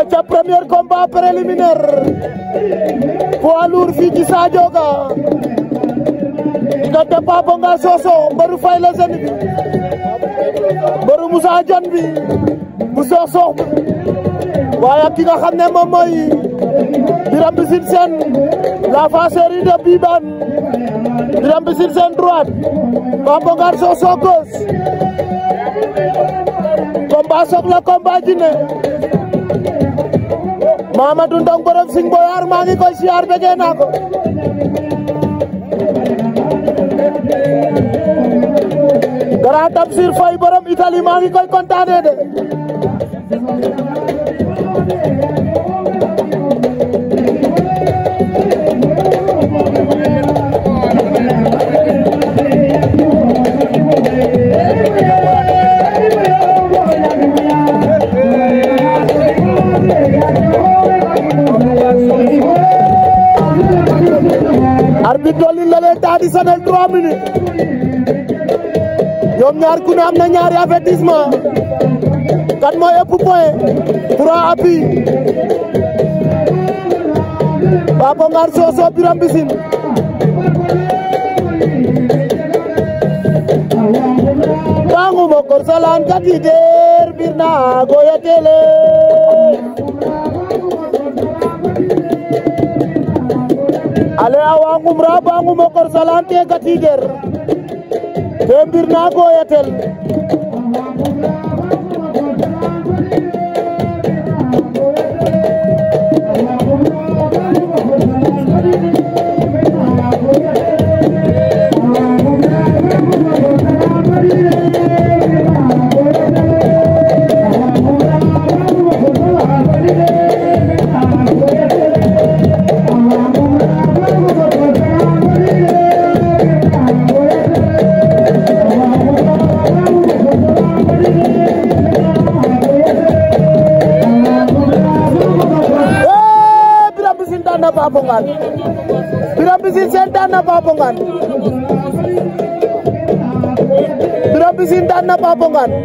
aca premier combat préliminaire poids lourd fii ci Sadio Ga diggante Papa Nga Soso baru fay la zeni bi mbaru Moussa Dione bi bu Soso waya ki nga xam ne moom mooy Birame Mbissine la face de Biban diram Mbissine sen droite Papa Nga Soso gauche combat soog la combat dine Mamadou Ndong borom Sine maa ngi koy siyaar bëggee naa ko Grand Tamsir Faye borom Italie maa ngi koy kontaanee de arbitre dolli na leen daal di sonal trois minutes ñoom ñaar ku ne am na ñaari avertissement kan mooy ëpp point trois appui Papa Ngar Sossokh Birame Mbissine Bangumo kor salan kati der birna goya tele ale awangum rabangum o kor salante gatiɗer te mbir na goyetel na Pape Ngane Birame na Pape Ngane